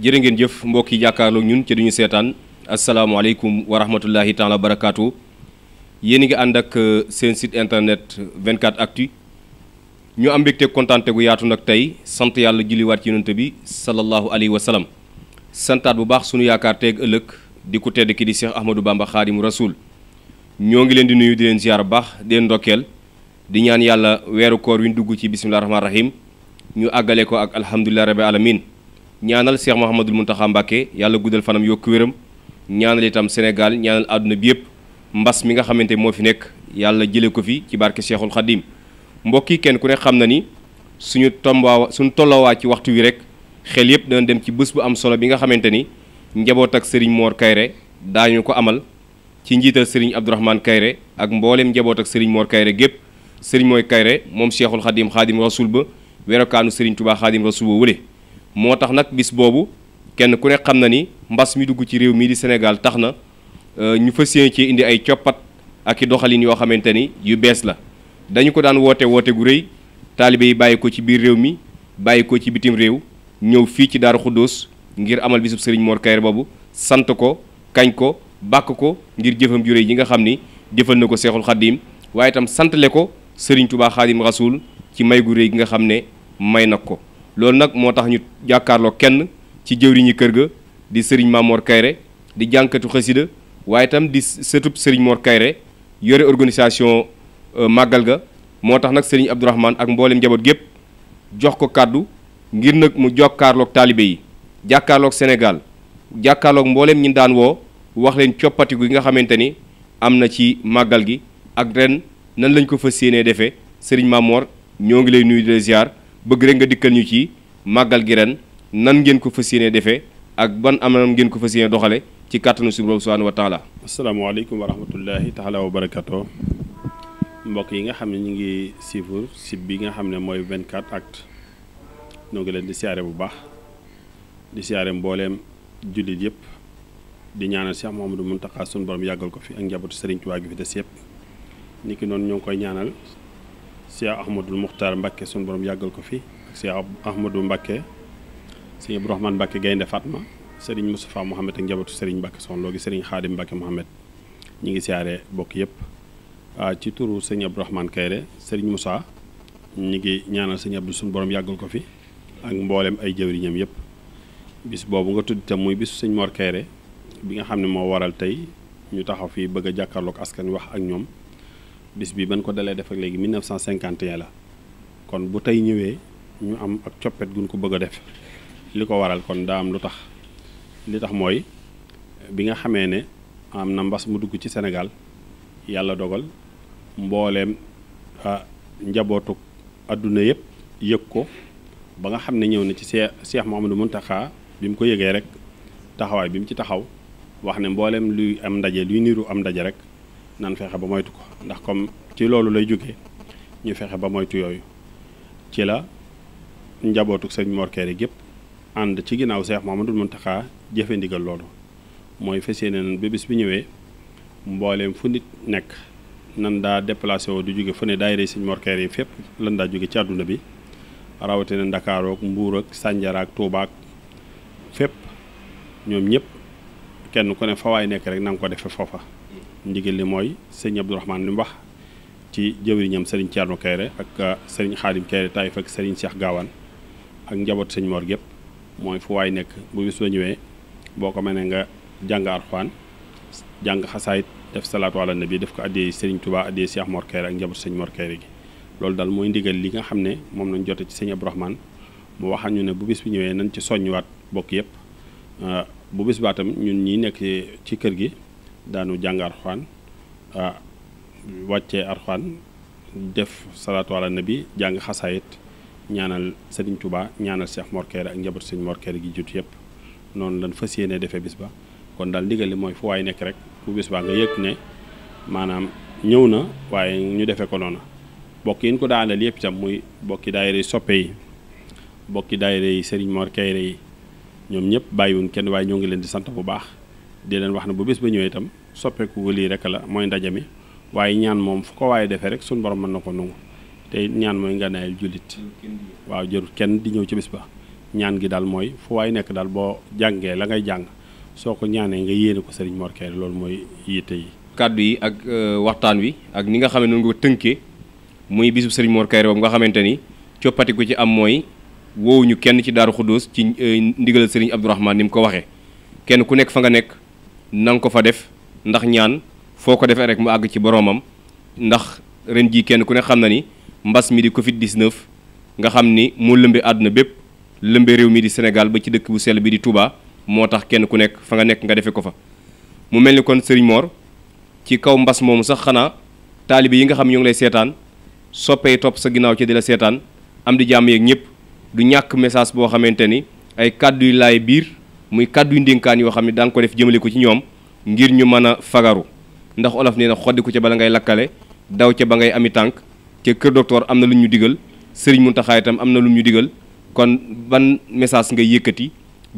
jërë ngeen jëf mbokk yi jàkkaarloo ñun ci duñu seetaan asalaamaaleykum wa rahmatullahi taala wa barakaatu yéen a ngi ànd ak euh, seen site internet 24 actu ñu am mbégte kontante gu yaatu nag tey sant yàlla julliwaat ci yonent bi sallallahu alayhi wa salaam santaat bu baax sunu yaakaar teeg ëllëg di ku tedd ki di Cheikh Ahmadou Bamba xaadimu rasul ñoo ngi leen di nuyu di leen ziar bu baax di leen ndokkeel di ñaan yàlla weeru koor wi dugg ci bisimilah rahmaani rahim ñu àggale ko ak alhamdulilah rabbi alamin ñaanal Cheikh Mouhamadul Mountakha Mbacké yàlla guddal fanam yokk wéram ñaanal itam Sénégal ñaanal àdduna bi yëpp mbas mi nga xamante moo fi nekk yàlla jëlee ko fi ci barke Cheikhul Khadim mbokk yi kenn ku ne xam na ni suñu tombaawa suñu tollowaa ci waxtu wi rek xel yëpp dana dem ci bës bu am solo bi nga xamante ni njaboot ak Serigne Mor Kayre daañu ko amal ci njiital Serigne Abdourahmane Kayre ak mbooleem njaboot ak Serigne Mor Kayre gépp Serigne mooy Kayre moom Cheikhul Khadim Khadim Rasoul ba werokaanu Serigne Touba Khadim Rasoul ba wële moo tax nag bis boobu kenn ku ne xam na ni mbas mi dugg ci réew mii di Sénégal tax na euh, ñu fas yéene ci indi ay coppat ak i doxalin yoo xamante ni yu bees la dañu ko daan woote woote gu rëy taalibe yi bàyyi ko ci biir réew mi bàyyi ko ci bitim réew ñëw fii ci Daaru Xuddoos ngir amal bisub Serigne Mor Kayré boobu sant ko kañ ko bàkk ko ngir jëfam juré ji nga xam ni jëfal na ko Seexul Xaddiim waaye itam santale ko Serigne Touba Xaadim Rasuul ci may gu gi nga xam ne may na ko loolu nag moo tax ñu jàkkaarloo kenn ci jëwriñu kër ga di sëriñ mamoor Kayre di jànkatu xasida waaye itam di sëtub sëriñ Mor Kayre yore organisation euh, màggal ga moo tax nag sëriñ Abdourahmane ak mboolem njaboot gépp jox ko kàddu ngir nag mu jokkaarloog taalibe yi jàkkaarloog Sénégal jàkkaarloog mbooleem ñi daan woo wax leen coppatiku yi nga xamante ni am na ci màggal gi ak ren nan lañ ko fa yéenee defee sëriñ mamoor ñoo ngi lay nuyu de bëgg rek nga dikkal ñu ci màggal gi ren nan ngeen ko fas yéene defee ak ban anam ngeen ko fas yéene doxale ci kàttanu suñu borom subhaanahu wa taala asalaamaaleykum wa rahmatullahi taala wa barakatu mbokk yi nga xam ne ñu ngi suivre site bi nga xam ne mooy 24 actu ñoo ngi leen di siyaare bu baax di siyaare mbooleem jullit yëpp di ñaanal Cheikh Mouhamadou Mountakha sunu borom yàggal ko fi ak njabootu Serigne Touba gi fi des yëpp ki noonu ñoo ngi koy ñaanal Cheikh Ahmadul Muxtaar Mbacke sunu borom yàggal ko fi ak Cheikh Ahmadou Mbacke sëñ Abdou Rahman Mbacke Gaynde Fatma sëriñ Moustapha Mohamed ak njabootu sëriñ Mbacke soxna loogi sëriñ Xaadim Mbacke Mohamed ñu ngi siyaare bokk yëpp ah, ci turu sëñ Abdou Rahman Kayre sëriñ Moussa ñu ngi ñaanal sëñ Abdou sunu borom yàggal ko fi ak mboolem ay jëwriñam yëpp bis boobu nga tudd itam muy bisu sëñ moor Kayre bi nga xam ne moo waral tey ñu taxaw fii bëgg a jàkkaarloog askan wax ak ñoom. bis bi ban ko dalee def ak léegi 1951 la kon bu tey ñëwee ñu am ak coppet guñ ko bëgg a def li ko waral kon daa am lu tax li tax mooy bi nga xamee ne am na mbas mu dugg ci senegal yàlla dogal mbooleem njabootu adduna yëpp yëg ko ba nga xam ne ñëw na ci see Cheikh Mouhamadou Mountakha bi mu ko yëgee rek taxawaay bi mu ci taxaw wax ne mbooleem luy am ndaje luy niiru am ndaje rek nan fexe ba moytu ko ndax comme ci loolu lay jóge ñu fexe ba moytu yooyu ci la njabootu sëñ Mor Kéré gépp ànd ci ginnaaw Seex Muhammadul Muntaxa jëfe ndigal loolu mooy fas yéene nan ba bis bi ñëwee mbooleem fu nit nekk nan daa déplacé woo du jóge fu ne daayira sëñ Mor yi fépp lan daa jóge ci àdduna bi rawatina ndakaarook ak Mbuur ak Sànjara ak fépp ñoom ñëpp kenn ku ne fa waay nekk rek na nga ko defe foofa ndigal li mooy sëñ Abdourahmane li mu wax ci jëwriñam sëriñ Thierno Kayre ak euh, sëriñ Xaadim Kayre Taïf ak sëriñ Cheikh Gawane ak njaboot sëñ Mor gépp mooy fu waay nekk bu bis ba ñëwee boo ko mënee nga jàng Alxuraan jàng xasaayit def salaatu ala nabi def ko addee sëriñ Touba addee Cheikh Mor Kayre ak njaboot sëñ Mor Kayre gi loolu daal mooy ndigal li nga xam ne moom lañ jote ci sëñ Abdourahmane mu waxal ñu ne bu bis bi ñëwee nañ ci soññiwaat bokk yëpp euh, bu bis ñun ñi nekk ci kër gi daanu jàng arxaan wàcce wàccee def def salaatu na bi jàng xasaayit ñaanal sëriñ Touba ñaanal Cheikh Mor ak njaboot sëriñ Mor gi jut yëpp noonu lan fas yéene defee bis ba kon daal ndigal li mooy fu waay nekk rek bu bis baa nga yëg ne maanaam ñëw na waaye ñu defee ko noonu bokk yi ñu ko daaneel yëpp itam muy bokki daayira yi soppe yi bokki daayira yi sëriñ Mor Kéré yi ñoom ñëpp bàyyiwuñ kenn waaye ñoo ngi leen di sant bu baax di leen wax na bu bés ba ñëwee itam soppeeku ko lii rek la mooy ndaje mi waaye ñaan moom fu ko waaye defee rek suñ borom mën na ko nangu te ñaan mooy ngànnaayal jullit waaw jërul kenn di ñëw ci bis ñaan gi daal mooy fu nekk daal boo jàngee la ngay jàng soo ko ñaanee nga yéene ko sëriñ Mor Kayré loolu mooy yitte yi. kàddu yi ak euh, waxtaan wi ak ni nga xam ne noonu nga tënkee muy bisu sëriñ Mor Kayré boobu nga xamante ni coppatiku ci am mooy woowuñu kenn ci daaru Xuddoos ci euh, ndigalal sëriñ Abdourahmane ni mu ko waxee kenn ku nekk fa nga nekk. na nga ko fa def ndax ñaan foo ko defee rek mu àgg ci boromam ndax ren jii kenn ku ne xam na ni mbas mi di Covid 19 nga xam ni moo lëmbe àdduna bépp lëmbe réew mi di Sénégal ba ci dëkk bu sell bi di tubaa moo tax kenn ku nekk fa nga nekk nga defe ko fa. mu mel ni kon Serigne Mor ci kaw mbas moomu sax xanaa taalibe yi nga xam ñu ngi lay seetaan soppee topp sa ginnaaw ci di la seetaan am di jàmm yeeg ñëpp du ñàkk message boo xamante ni ay kàddu laay biir. muy kàddu yu ndénkaan yoo xam ne daan ko def jëmale ci ñoom ngir ñu mën a fagaru ndax olof nee na xoddi ko ca bala ngay lakkale daw ca ba ngay ami tànk ca kër docteur am na lu ñu digal sëriñ Muntaxa itam am na lu ñu digal kon ban message ngay yëkkati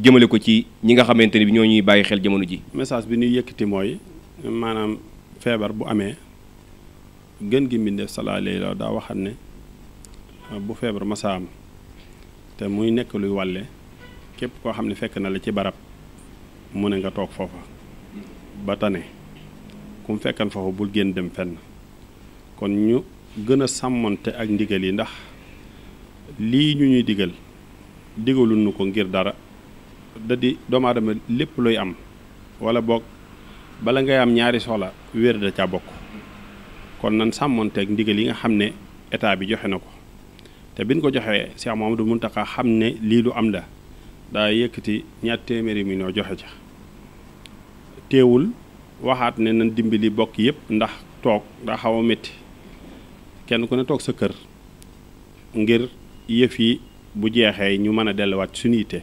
jëmale ko ci ñi nga xamante ni bi ñoo ñuy bàyyi xel jamono ji. message bi ñuy yëkkati mooy maanaam feebar bu amee gën gi mbindeef sallallahu alayhi wa daa waxam ne bu feebar masaa am te muy nekk luy wàlle képp koo xam ne fekk na la ci barab mu ne nga toog foofa ba tane ku mu fekkan foofa bul génn dem fenn kon ñu gën a sàmmante ak ndigal yi ndax lii ñu ñuy digal digalul ko ngir dara da di doomu aadama lépp luy am walla boog bala ngay am ñaari soxla wér da ca bokk kon nan sàmmante ak ndigal yi nga xam ne état bi joxe na ko te biñ ko joxee Cheikh Mamadou Mountakha xam ne lii lu am la daa yëkkati ñaar téeméeri noo joxe ca teewul waxaat ne nañ dimbali bokk yëpp ndax toog daa xaw a métti kenn ku ne toog sa kër ngir yëf yi bu jeexee ñu mën a delluwaat suñu yitte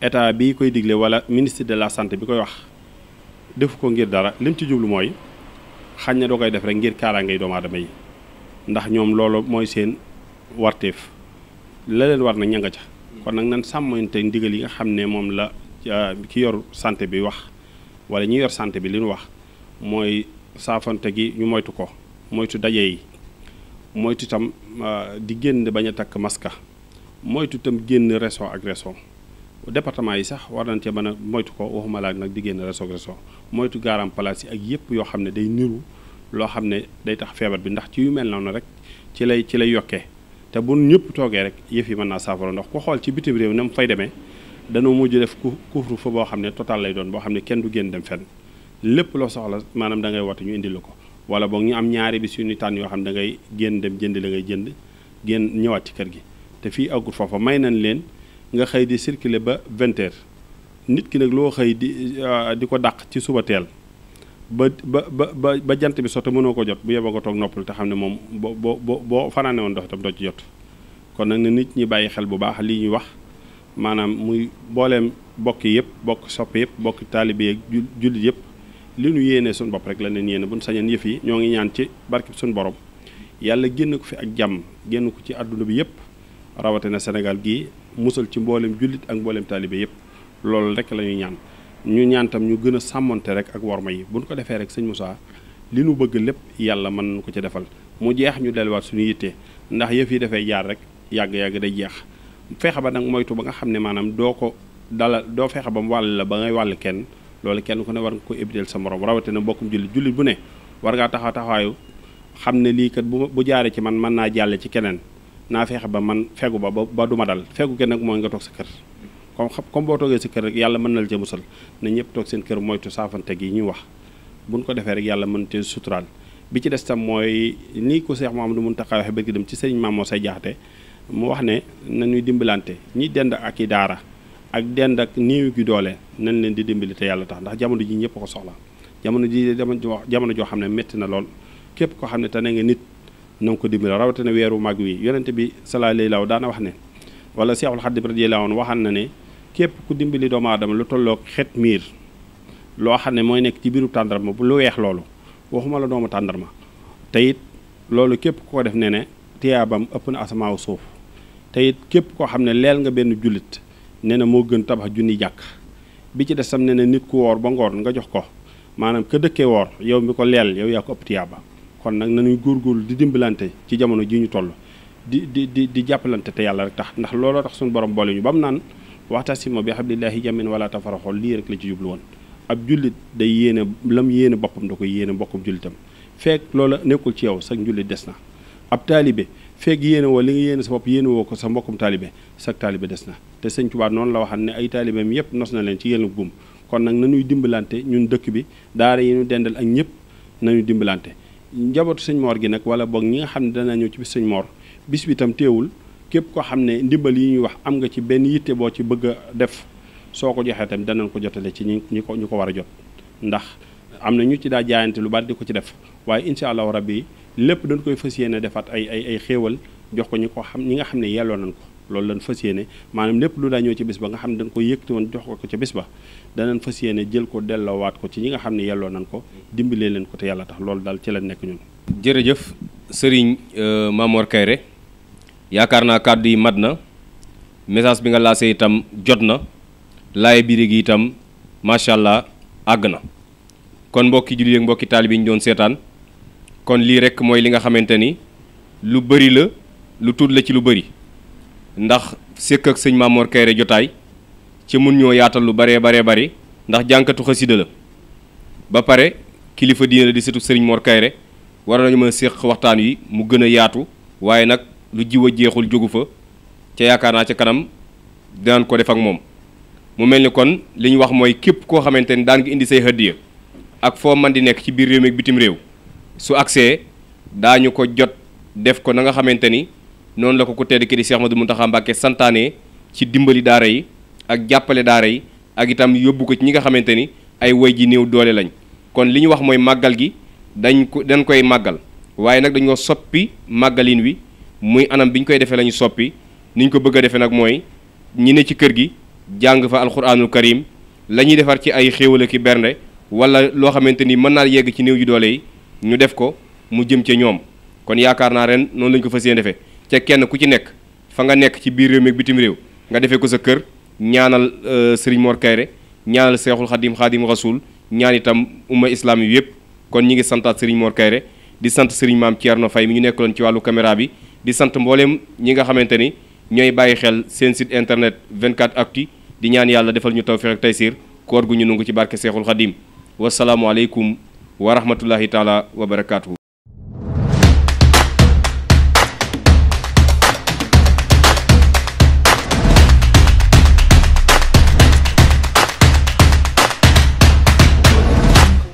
état bi koy digle wala ministre de la santé bi koy wax defu ko ngir dara lim ci jublu mooy xañ na doo koy def rek ngir kaaraangay doomu aadama yi ndax ñoom loolu mooy seen warteef la leen war na ñanga ca kon nag nan sàmmoonte ndigal yi nga xam ne moom la ci yor santé bi wax wala ñi yor santé bi li ñu wax mooy saafante gi ñu moytu ko moytu daje yi moytu tam euh, di génn bañ a takk maska moytu tam génn reso ak région département yi sax war nañ cee man a moytu ko waxuma laaj nag di génn région ak région moytu gaaram place yi ak yëpp yoo xam ne day niru loo xam ne day tax feebar bi ndax ci yu mel noonu rek ci lay ci lay yokkee te bu ñëpp toogee rek yëf yi mën naa saafara ndox ku xool ci bitim réew na mu fay demee danoo mujj def couvre-feu boo xam ne total lay doon boo xam ne kenn du génn dem fen lépp loo soxla maanaam da ngay woote ñu indil ko wala boo ñu am ñaari bis yu ni tànn yoo xam ne da ngay génn dem jënd la ngay jënd génn ñëwaat ci kër gi te fii àggul foofa may nañ leen nga xëy di circuler ba 20 nit ki nag loo xëy di euh, di ko dàq ci suba teel ba ba ba ba jant bi soto mënoo ko jot bu yeboo ko toog noppal te xam ne moom boo boo boo fanaane woon dox tam doo ci jot kon nag ne nit ñi bàyyi xel bu baax lii ñuy wax maanaam muy mbooleem bokk yëpp bokk sopp yëpp bokk taalibe yeeg jullit yëpp li ñu yéene suñu bopp rek la leen yéene buñ sañeen yëf yi ñoo ngi ñaan ci barkib suñu borom yàlla génn ko fi ak jàmm génn ko ci àdduna bi yëpp rawatina Sénégal gii musal ci mboolem jullit ak mboolem taalibe yëpp loolu rek la ñuy ñaan ñu ñaan ñu gën a sàmmonte rek ak worma yi bu ñu ko defee rek sëñ Moussa li nu bëgg lépp yàlla mën nañu ko ca defal mu jeex ñu delluwaat suñu yittee ndax yëf yi dafay jaar rek yàgg-yàgg day jeex fexe ba nag moytu ba nga xam ne maanaam doo ko dala doo fexe ba mu wàll la ba ngay wàll kenn loolu kenn ku ne war nga ko ébdeel sa morom rawatina bokkum jullit jullit bu ne war ngaa taxaw taxawaayu xam ne lii kat bu bu jaaree ci man mën naa jàlle ci keneen naa fexe ba man fegu ba ba du ma dal fegu kenn nag nga toog comme xam comme boo toogee si kër rek yàlla mën na la ca musal na ñëpp toog seen kër moytu saafante gi ñuy wax buñ ko defee rek yàlla mën te suturaal bi ci des tam mooy nii ko Seex Mamadou Muntaxa waxe bërki dem ci sëriñ Mamoo say jaxate mu wax ne na nañuy dimbalante ñi dend ak i daara ak dend ak néew gi doole nañ leen di dimbali te yàlla tax ndax jamono ji ñëpp ko soxla jamono ji jamono joo xam ne métti na lool képp koo xam ne tane nga nit na nga rawatina weeru mag wi yonente bi salaa lay law daana wax ne wala waxaan na ne képp ku dimbali doomu adama lu tollook xet miir loo xam ne mooy nekk ci biiru tàndarma bu lu weex loolu waxuma la doomu tàndarma te it loolu képp ku ko def ne ne tiyaabam ëpp na asamaaw suuf te it képp koo xam ne leel nga benn jullit ne na moo gën tabax junni jàkk bi ci des sam ne ne nit ku woor ba ngoon nga jox ko maanaam ka dëkkee woor yow mi ko leel yow yaa ko ëpp tiyaaba kon nag góor góor di dimbalante ci jamono ji ñu toll di di di di jàppalante te yàlla rek tax ndax looloo suñu borom boole ñu ba mu naan waxtasimo bi hablillahi jamin wala tafaraxool lii rek la ci jublu woon ab jullit day yéene lam yéene boppam da koy yéene mbokkum jullitam fekk loola nekkul ci yow sax njullit des na ab taalibe fekk yéene woo li nga yéene sa bopp yéene woo ko sa mbokkum taalibe sax taalibe des na te sëñ Tuubaa noonu la waxam ne ay taalibeem yëpp nos na leen ci yéen buum kon nag nañuy dimbalante ñun dëkk bi daara yi ñu dendal ak ñëpp nañu dimbalante njabootu sëñ moor gi nag wala boog ñi nga xam ne dana ñëw ci bis sëñ moor bis bi tam téewul képp ko xam ne ndimbal yi ñuy wax am nga ci benn yitte boo ci bëgg def soo ko joxee tamit danañ ko jotale ci ñi ñi ko ñu ko war a jot ndax am na ñu ci daa jaayante lu bari ko ci def waaye incha allahu rabbi lépp dañ koy fas yéene defaat ay ay ay xéewal jox ko ñi xam ñi nga xam ne yelloo nañ ko loolu lañ fas yéene maanaam lu daa ñëw ci bis ba nga xam ne dañ ko yëkkati woon jox ko ca bis ba danañ fas yéene ko delloowaat ko ci ñi nga xam ne yelloo nañ ko dimbalee leen ko te yàlla tax loolu daal ci la nekk ñun jërëjëf sëriñ euh, Mamor Kayre yaakaar naa kàddu yi mat na message bi nga lancé itam jot na laaye biir gi itam macha allah àgg na kon mbokki jullit ak mbokki taalibe yi ñu doon seetaan kon lii rek mooy li nga xamante ni lu bëri la lu tuut la ci lu bari ndax sëkk ak sëñ Mamor Kayre jotaay ci mun ñoo yaatal lu baree baree bari ndax jànkatu xasida la ba pare kilifa diine la di sëtu sëriñ Mor Kayre war nañu ma a séq waxtaan wi mu gën a yaatu waaye nag lu jiw a jeexul jógu fa ca yaakaar naa ca kanam daan ko def ak moom mu mel ni kon li ñu wax mooy képp koo xamante ni daan nga indi say hëddiya ak foo man di nekk ci biir réew mi bitim réew su agsee daañu ko jot def ko na nga xamante ni noonu la ko ku tedd ki di Cheikh Ahmadou Mountakha Mbacké santaane ci dimbali daara yi ak jàppale daara yi ak itam yóbbu ko ci ñi nga xamante ni ay woy ji néew doole lañ kon li ñu wax mooy màggal gi dañ ko dañ koy màggal waaye nag dañoo soppi màggalin wi muy anam bi ñu koy defee la ñu soppi ni ñu ko bëgg a defee nag mooy ñi ne ci kër gi jàng fa alxuraanul karim la ñuy defar ci ay xéewal ki bernde wala loo xamante ni mën naa yegg ci néew yu doole yi ñu def ko mu jëm ca ñoom kon yaakaar naa ren noonu la ko fa yéene defee ca kenn ku ci nekk fa nga nekk ci biir réew mi ak bitim réew nga defee ko sa kër ñaanal euh, Serigne Mor Kayre ñaanal Seexul Xadim Xadim Rasul ñaan itam umma islaam yi yëpp kon ñi ngi santaat Serigne moor Kayre di sant Serigne maam Thierno Faye mi ñu nekkaloon ci wàllu caméra bi di sant mbooleem ñi nga xamante ni ñooy bàyyi xel seen site internet 24 acti di ñaan yàlla defal ñu tawfiq ak taysiir koor gu ñu nungu ci barke seexul xadim wasalaamualeykum wa rahmatullahi taala wa barakaatu.